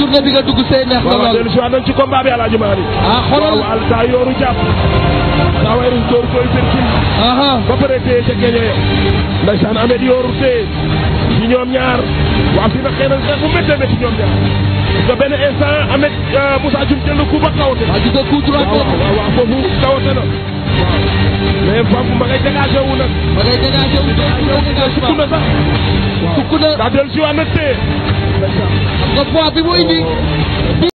journée bi nga dugg see neex na lool dellu si waat nañ ci combat bi alaaji maali ah xoolal waaw alta yooru jàpp saweru dóor koy sërkin ba pare tee ca geño ya ndaysaan amet yooru tee ci ñoom ñaar waaw fi na xëy na xeex bu méttee métti ñoom ñaar nga benn instant amet Moussa Diouf jël na coup ba kawate waaw gis nga coup droit boobu waaw waaw foofu kawate na mais fam ma ngay dégagé wu nag ma ngay dégagé wu sukk na sax sukk na daa dellu si waat nag tee Go Bobby Wingy.